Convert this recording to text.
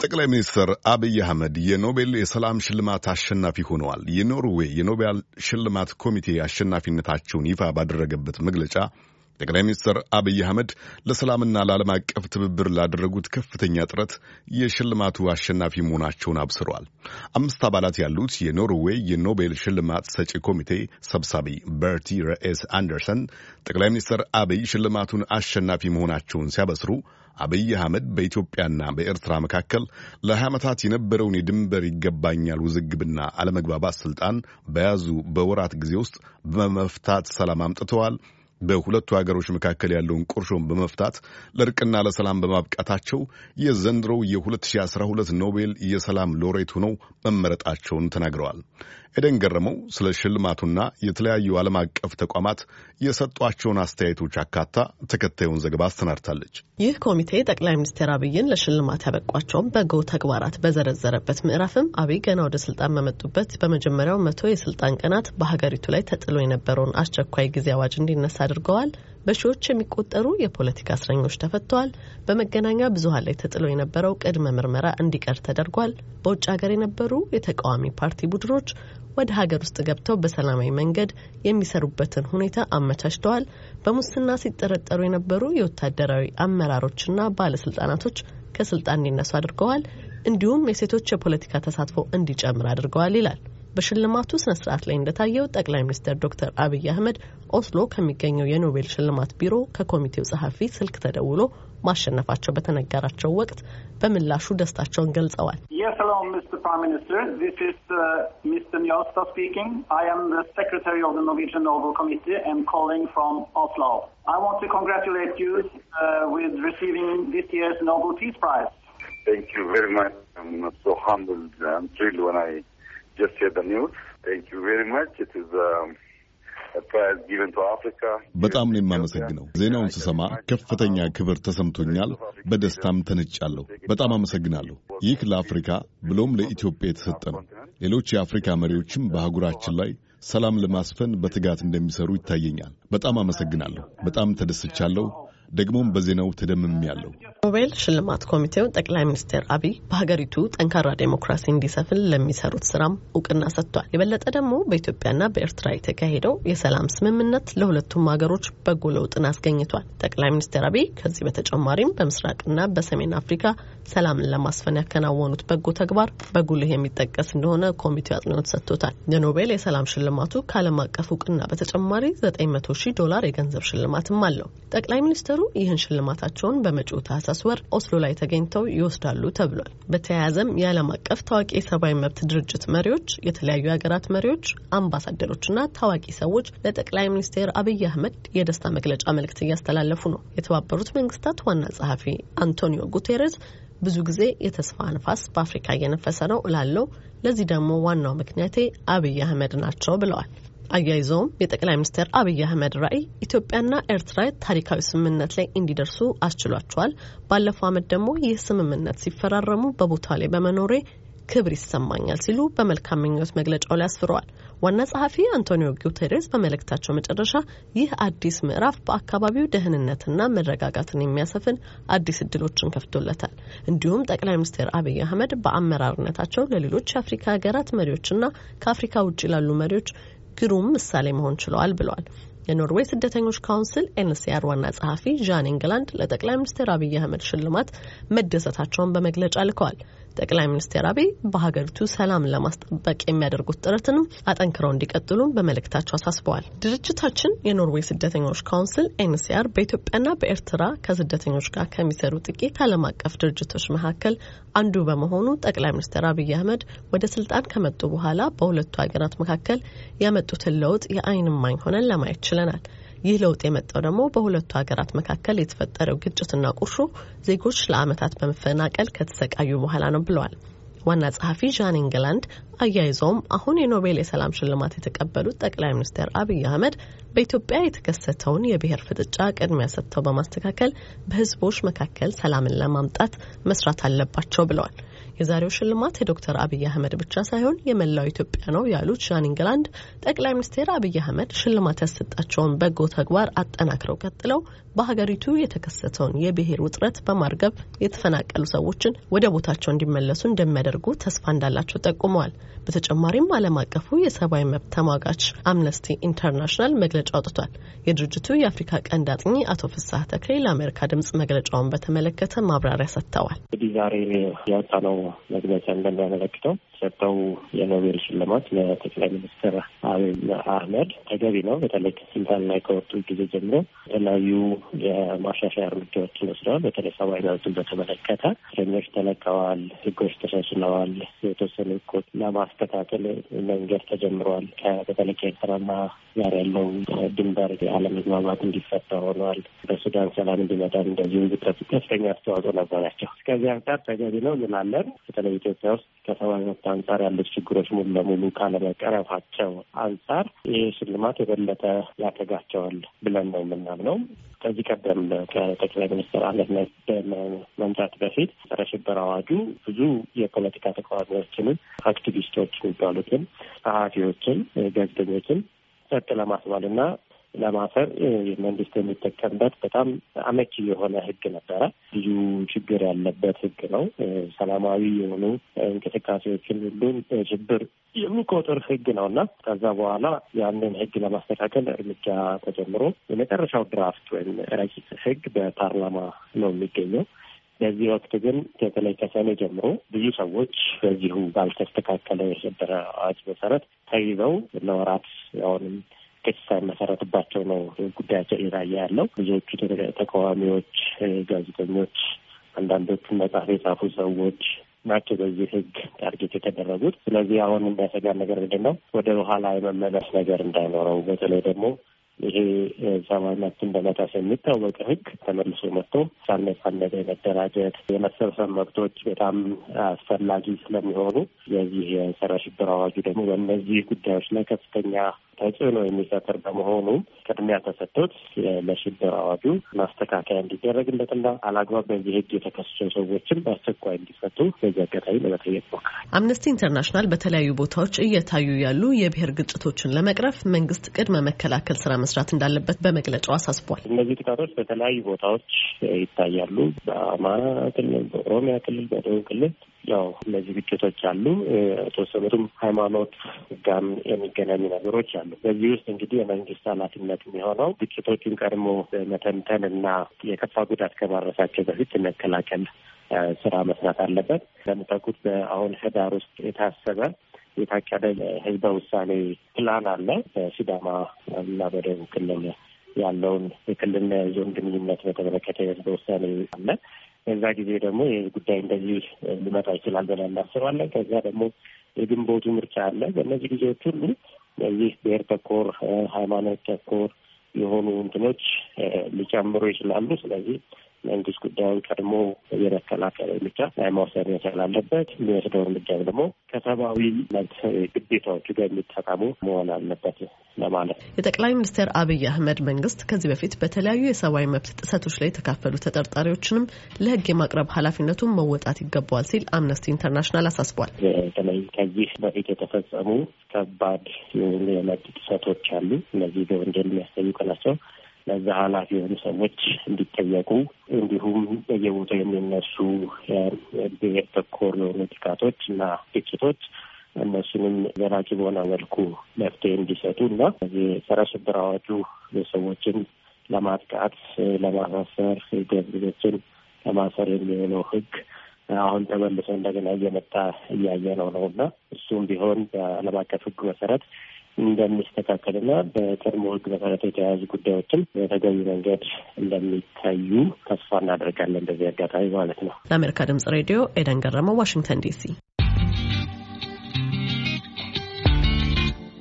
ጠቅላይ ሚኒስትር አብይ አህመድ የኖቤል የሰላም ሽልማት አሸናፊ ሆነዋል። የኖርዌይ የኖቤል ሽልማት ኮሚቴ አሸናፊነታቸውን ይፋ ባደረገበት መግለጫ ጠቅላይ ሚኒስትር አብይ አህመድ ለሰላምና ለዓለም አቀፍ ትብብር ላደረጉት ከፍተኛ ጥረት የሽልማቱ አሸናፊ መሆናቸውን አብስረዋል። አምስት አባላት ያሉት የኖርዌይ የኖቤል ሽልማት ሰጪ ኮሚቴ ሰብሳቢ በርቲ ረኤስ አንደርሰን ጠቅላይ ሚኒስትር አብይ ሽልማቱን አሸናፊ መሆናቸውን ሲያበስሩ አብይ አህመድ በኢትዮጵያና በኤርትራ መካከል ለ20 ዓመታት የነበረውን የድንበር ይገባኛል ውዝግብና አለመግባባት ስልጣን በያዙ በወራት ጊዜ ውስጥ በመፍታት ሰላም አምጥተዋል በሁለቱ ሀገሮች መካከል ያለውን ቁርሾን በመፍታት ለእርቅና ለሰላም በማብቃታቸው የዘንድሮው የ2012 ኖቤል የሰላም ሎሬት ሆነው መመረጣቸውን ተናግረዋል። ኤደን ገረመው ስለ ሽልማቱና የተለያዩ ዓለም አቀፍ ተቋማት የሰጧቸውን አስተያየቶች አካታ ተከታዩን ዘገባ አሰናድታለች። ይህ ኮሚቴ ጠቅላይ ሚኒስትር አብይን ለሽልማት ያበቋቸውን በጎ ተግባራት በዘረዘረበት ምዕራፍም አብይ ገና ወደ ስልጣን በመጡበት በመጀመሪያው መቶ የስልጣን ቀናት በሀገሪቱ ላይ ተጥሎ የነበረውን አስቸኳይ ጊዜ አዋጅ እንዲነሳ አድርገዋል። በሺዎች የሚቆጠሩ የፖለቲካ እስረኞች ተፈተዋል። በመገናኛ ብዙኃን ላይ ተጥሎ የነበረው ቅድመ ምርመራ እንዲቀር ተደርጓል። በውጭ ሀገር የነበሩ የተቃዋሚ ፓርቲ ቡድኖች ወደ ሀገር ውስጥ ገብተው በሰላማዊ መንገድ የሚሰሩበትን ሁኔታ አመቻችተዋል። በሙስና ሲጠረጠሩ የነበሩ የወታደራዊ አመራሮችና ባለስልጣናቶች ከስልጣን እንዲነሱ አድርገዋል። እንዲሁም የሴቶች የፖለቲካ ተሳትፎ እንዲጨምር አድርገዋል ይላል። በሽልማቱ ስነ ስርዓት ላይ እንደታየው ጠቅላይ ሚኒስትር ዶክተር አብይ አህመድ ኦስሎ ከሚገኘው የኖቤል ሽልማት ቢሮ ከኮሚቴው ጸሐፊ ስልክ ተደውሎ ማሸነፋቸው በተነገራቸው ወቅት በምላሹ ደስታቸውን ገልጸዋል። uh, uh, Thank you very much. I'm so humbled. I'm thrilled when I just hear the news. Thank you very much. It is, um, በጣም ነው የማመሰግነው። ዜናውን ስሰማ ከፍተኛ ክብር ተሰምቶኛል፣ በደስታም ተነጫለሁ። በጣም አመሰግናለሁ። ይህ ለአፍሪካ ብሎም ለኢትዮጵያ የተሰጠ ነው። ሌሎች የአፍሪካ መሪዎችም በአህጉራችን ላይ ሰላም ለማስፈን በትጋት እንደሚሰሩ ይታየኛል። በጣም አመሰግናለሁ። በጣም ተደስቻለሁ። ደግሞም በዜናው ተደምም ያለው ኖቤል ሽልማት ኮሚቴው ጠቅላይ ሚኒስትር አብይ በሀገሪቱ ጠንካራ ዴሞክራሲ እንዲሰፍን ለሚሰሩት ስራም እውቅና ሰጥቷል። የበለጠ ደግሞ በኢትዮጵያና በኤርትራ የተካሄደው የሰላም ስምምነት ለሁለቱም ሀገሮች በጎ ለውጥን አስገኝቷል። ጠቅላይ ሚኒስትር አብይ ከዚህ በተጨማሪም በምስራቅና በሰሜን አፍሪካ ሰላምን ለማስፈን ያከናወኑት በጎ ተግባር በጉልህ የሚጠቀስ እንደሆነ ኮሚቴው አጽንኦት ሰጥቶታል። የኖቤል የሰላም ሽልማቱ ከዓለም አቀፍ እውቅና በተጨማሪ 9000 ሺህ ዶላር የገንዘብ ሽልማትም አለው። ጠቅላይ ሚኒስትር ሚኒስተሩ ይህን ሽልማታቸውን በመጪው ታህሳስ ወር ኦስሎ ላይ ተገኝተው ይወስዳሉ ተብሏል። በተያያዘም የዓለም አቀፍ ታዋቂ የሰብአዊ መብት ድርጅት መሪዎች፣ የተለያዩ ሀገራት መሪዎች፣ አምባሳደሮችና ታዋቂ ሰዎች ለጠቅላይ ሚኒስትር አብይ አህመድ የደስታ መግለጫ መልእክት እያስተላለፉ ነው። የተባበሩት መንግስታት ዋና ጸሐፊ አንቶኒዮ ጉቴሬዝ ብዙ ጊዜ የተስፋ ንፋስ በአፍሪካ እየነፈሰ ነው እላለው። ለዚህ ደግሞ ዋናው ምክንያቴ አብይ አህመድ ናቸው ብለዋል። አያይዘውም የጠቅላይ ሚኒስትር አብይ አህመድ ራዕይ ኢትዮጵያና ኤርትራ ታሪካዊ ስምምነት ላይ እንዲደርሱ አስችሏቸዋል። ባለፈው ዓመት ደግሞ ይህ ስምምነት ሲፈራረሙ በቦታ ላይ በመኖሬ ክብር ይሰማኛል ሲሉ በመልካም ምኞት መግለጫው ላይ አስፍረዋል። ዋና ጸሐፊ አንቶኒዮ ጉቴሬስ በመልእክታቸው መጨረሻ ይህ አዲስ ምዕራፍ በአካባቢው ደህንነትና መረጋጋትን የሚያሰፍን አዲስ እድሎችን ከፍቶለታል። እንዲሁም ጠቅላይ ሚኒስትር አብይ አህመድ በአመራርነታቸው ለሌሎች የአፍሪካ ሀገራት መሪዎችና ከአፍሪካ ውጭ ላሉ መሪዎች ግሩም ምሳሌ መሆን ችለዋል ብለዋል። የኖርዌይ ስደተኞች ካውንስል ኤንሲአር ዋና ጸሐፊ ዣን ኢንግላንድ ለጠቅላይ ሚኒስትር አብይ አህመድ ሽልማት መደሰታቸውን በመግለጫ ልከዋል። ጠቅላይ ሚኒስትር አብይ በሀገሪቱ ሰላም ለማስጠበቅ የሚያደርጉት ጥረትንም አጠንክረው እንዲቀጥሉ በመልእክታቸው አሳስበዋል። ድርጅታችን የኖርዌይ ስደተኞች ካውንስል ኤንሲአር በኢትዮጵያና በኤርትራ ከስደተኞች ጋር ከሚሰሩ ጥቂት ዓለም አቀፍ ድርጅቶች መካከል አንዱ በመሆኑ ጠቅላይ ሚኒስትር አብይ አህመድ ወደ ስልጣን ከመጡ በኋላ በሁለቱ ሀገራት መካከል ያመጡትን ለውጥ የአይን እማኝ ሆነን ለማየት ችለናል። ይህ ለውጥ የመጣው ደግሞ በሁለቱ ሀገራት መካከል የተፈጠረው ግጭትና ቁርሾ ዜጎች ለአመታት በመፈናቀል ከተሰቃዩ በኋላ ነው ብለዋል። ዋና ጸሐፊ ዣን ኢንግላንድ አያይዘውም አሁን የኖቤል የሰላም ሽልማት የተቀበሉት ጠቅላይ ሚኒስትር አብይ አህመድ በኢትዮጵያ የተከሰተውን የብሔር ፍጥጫ ቅድሚያ ሰጥተው በማስተካከል በህዝቦች መካከል ሰላምን ለማምጣት መስራት አለባቸው ብለዋል። የዛሬው ሽልማት የዶክተር አብይ አህመድ ብቻ ሳይሆን የመላው ኢትዮጵያ ነው ያሉት ዣን ኢንግላንድ ጠቅላይ ሚኒስትር አብይ አህመድ ሽልማት ያሰጣቸውን በጎ ተግባር አጠናክረው ቀጥለው በሀገሪቱ የተከሰተውን የብሔር ውጥረት በማርገብ የተፈናቀሉ ሰዎችን ወደ ቦታቸው እንዲመለሱ እንደሚያደ እንደሚያደርጉ ተስፋ እንዳላቸው ጠቁመዋል። በተጨማሪም ዓለም አቀፉ የሰብአዊ መብት ተሟጋች አምነስቲ ኢንተርናሽናል መግለጫ አውጥቷል። የድርጅቱ የአፍሪካ ቀንድ አጥኚ አቶ ፍስሐ ተክሌ ለአሜሪካ ድምጽ መግለጫውን በተመለከተ ማብራሪያ ሰጥተዋል። እንግዲህ ዛሬ ያወጣነው መግለጫ እንደሚያመለክተው ሰጠው የኖቤል ሽልማት ለጠቅላይ ሚኒስትር አብይ አህመድ ተገቢ ነው። በተለይ ከስልጣን ላይ ከወጡ ጊዜ ጀምሮ የተለያዩ የማሻሻያ እርምጃዎችን ወስደዋል። በተለይ ሰብአዊ መብትን በተመለከተ እስረኞች ተለቀዋል፣ ህጎች ተሻሽ ተከትለዋል። የተወሰኑ ህጎች ለማስተካከል መንገድ ተጀምረዋል። በተለይ ከኤርትራና ጋር ያለው ድንበር አለመግባባት እንዲፈታ ሆኗል። በሱዳን ሰላም እንዲመጣ እንደዚሁ ከፍተኛ አስተዋጽኦ ነበራቸው። እስከዚህ አንጻር ተገቢ ነው እንላለን። በተለይ ኢትዮጵያ ውስጥ ከሰብአዊ መብት አንጻር ያሉት ችግሮች ሙሉ ለሙሉ ካለመቀረፋቸው አንጻር ይህ ሽልማት የበለጠ ያተጋቸዋል ብለን ነው የምናምነው። ከዚህ ቀደም ከጠቅላይ ሚኒስትር አብይ አህመድ መምጣት በፊት ጸረ ሽብር አዋጁ ብዙ የፖለቲካ ተቃዋሚዎችንም አክቲቪስቶች የሚባሉትን ጸሐፊዎችን፣ ጋዜጠኞችን ጸጥ ለማስባል እና ለማሰር መንግስት የሚጠቀምበት በጣም አመቺ የሆነ ህግ ነበረ። ብዙ ችግር ያለበት ህግ ነው። ሰላማዊ የሆኑ እንቅስቃሴዎችን ሁሉም ችግር የሚቆጥር ህግ ነው እና ከዛ በኋላ ያንን ህግ ለማስተካከል እርምጃ ተጀምሮ የመጨረሻው ድራፍት ወይም ረቂቅ ህግ በፓርላማ ነው የሚገኘው። በዚህ ወቅት ግን በተለይ ከሰኔ ጀምሮ ብዙ ሰዎች በዚሁ ባልተስተካከለ የነበረ አዋጅ መሰረት ተይዘው ለወራት አሁንም ክስ ሳይመሰረትባቸው ነው ጉዳያቸው እየታየ ያለው። ብዙዎቹ ተቃዋሚዎች፣ ጋዜጠኞች፣ አንዳንዶቹ መጽሐፍ የጻፉ ሰዎች ናቸው በዚህ ህግ ታርጌት የተደረጉት። ስለዚህ አሁን የሚያሰጋ ነገር ምንድን ነው? ወደ በኋላ የመመለስ ነገር እንዳይኖረው በተለይ ደግሞ ይሄ ሰብአዊ መብትን በመጣስ የሚታወቅ ህግ ተመልሶ መጥቶ ሳነጻነት የመደራጀት የመሰብሰብ መብቶች በጣም አስፈላጊ ስለሚሆኑ የዚህ የጸረ ሽብር አዋጁ ደግሞ በእነዚህ ጉዳዮች ላይ ከፍተኛ ተጽዕኖ የሚፈጥር በመሆኑ ቅድሚያ ተሰጥቶት ለሽብር አዋጁ ማስተካከያ እንዲደረግለትና አላግባብ በዚህ ሕግ የተከሰሱ ሰዎችም በአስቸኳይ እንዲፈቱ በዚህ አጋጣሚ ለመጠየቅ ሞክራል። አምነስቲ ኢንተርናሽናል በተለያዩ ቦታዎች እየታዩ ያሉ የብሔር ግጭቶችን ለመቅረፍ መንግስት ቅድመ መከላከል ስራ መስራት እንዳለበት በመግለጫው አሳስቧል። እነዚህ ጥቃቶች በተለያዩ ቦታዎች ይታያሉ። በአማራ ክልል፣ በኦሮሚያ ክልል፣ በደቡብ ክልል ያው እነዚህ ግጭቶች አሉ። የተወሰኑትም ሃይማኖት ጋም የሚገናኙ ነገሮች አሉ። በዚህ ውስጥ እንግዲህ የመንግስት ኃላፊነት የሚሆነው ግጭቶቹን ቀድሞ መተንተን እና የከፋ ጉዳት ከማድረሳቸው በፊት መከላከል ስራ መስራት አለበት። እንደምታውቁት በአሁን ህዳር ውስጥ የታሰበ የታቀደ ህዝበ ውሳኔ ፕላን አለ በሲዳማ እና በደቡብ ክልል ያለውን የክልልና የዞን ግንኙነት በተመለከተ የህዝበ ውሳኔ አለ። በዛ ጊዜ ደግሞ ይህ ጉዳይ እንደዚህ ሊመጣ ይችላል ብለን እናስባለን። ከዛ ደግሞ የግንቦቱ ምርጫ አለ። በእነዚህ ጊዜዎች ሁሉ ይህ ብሔር ተኮር፣ ሃይማኖት ተኮር የሆኑ እንትኖች ሊጨምሩ ይችላሉ። ስለዚህ መንግስት ጉዳዩን ቀድሞ የመከላከል እርምጃ መውሰድ መቻል አለበት። የሚወስደው እርምጃ ደግሞ ከሰብአዊ መብት ግዴታዎቹ ጋር የሚጠቀሙ መሆን አለበት ለማለት የጠቅላይ ሚኒስትር አብይ አህመድ መንግስት ከዚህ በፊት በተለያዩ የሰብአዊ መብት ጥሰቶች ላይ የተካፈሉ ተጠርጣሪዎችንም ለህግ የማቅረብ ኃላፊነቱን መወጣት ይገባዋል ሲል አምነስቲ ኢንተርናሽናል አሳስቧል። በተለይ ከዚህ በፊት የተፈጸሙ ከባድ የመብት ጥሰቶች አሉ። እነዚህ በወንጀል የሚያስጠይቁ ናቸው። ለዛ ኃላፊ የሆኑ ሰዎች እንዲጠየቁ እንዲሁም በየቦታው የሚነሱ ብሔር ተኮር የሆኑ ጥቃቶች እና ግጭቶች እነሱንም ዘላቂ በሆነ መልኩ መፍትሄ እንዲሰጡ እና የጸረ ሽብር አዋጁ የሰዎችን ለማጥቃት፣ ለማሳሰር፣ ገዝቤቶችን ለማሰር የሚሆነው ህግ አሁን ተመልሶ እንደገና እየመጣ እያየ ነው ነው እና እሱም ቢሆን በዓለም አቀፍ ህግ መሰረት እንደሚስተካከልና በቀድሞ ህግ መሰረት የተያያዙ ጉዳዮችም በተገቢ መንገድ እንደሚታዩ ተስፋ እናደርጋለን። በዚህ አጋጣሚ ማለት ነው። ለአሜሪካ ድምጽ ሬዲዮ ኤደን ገረመው፣ ዋሽንግተን ዲሲ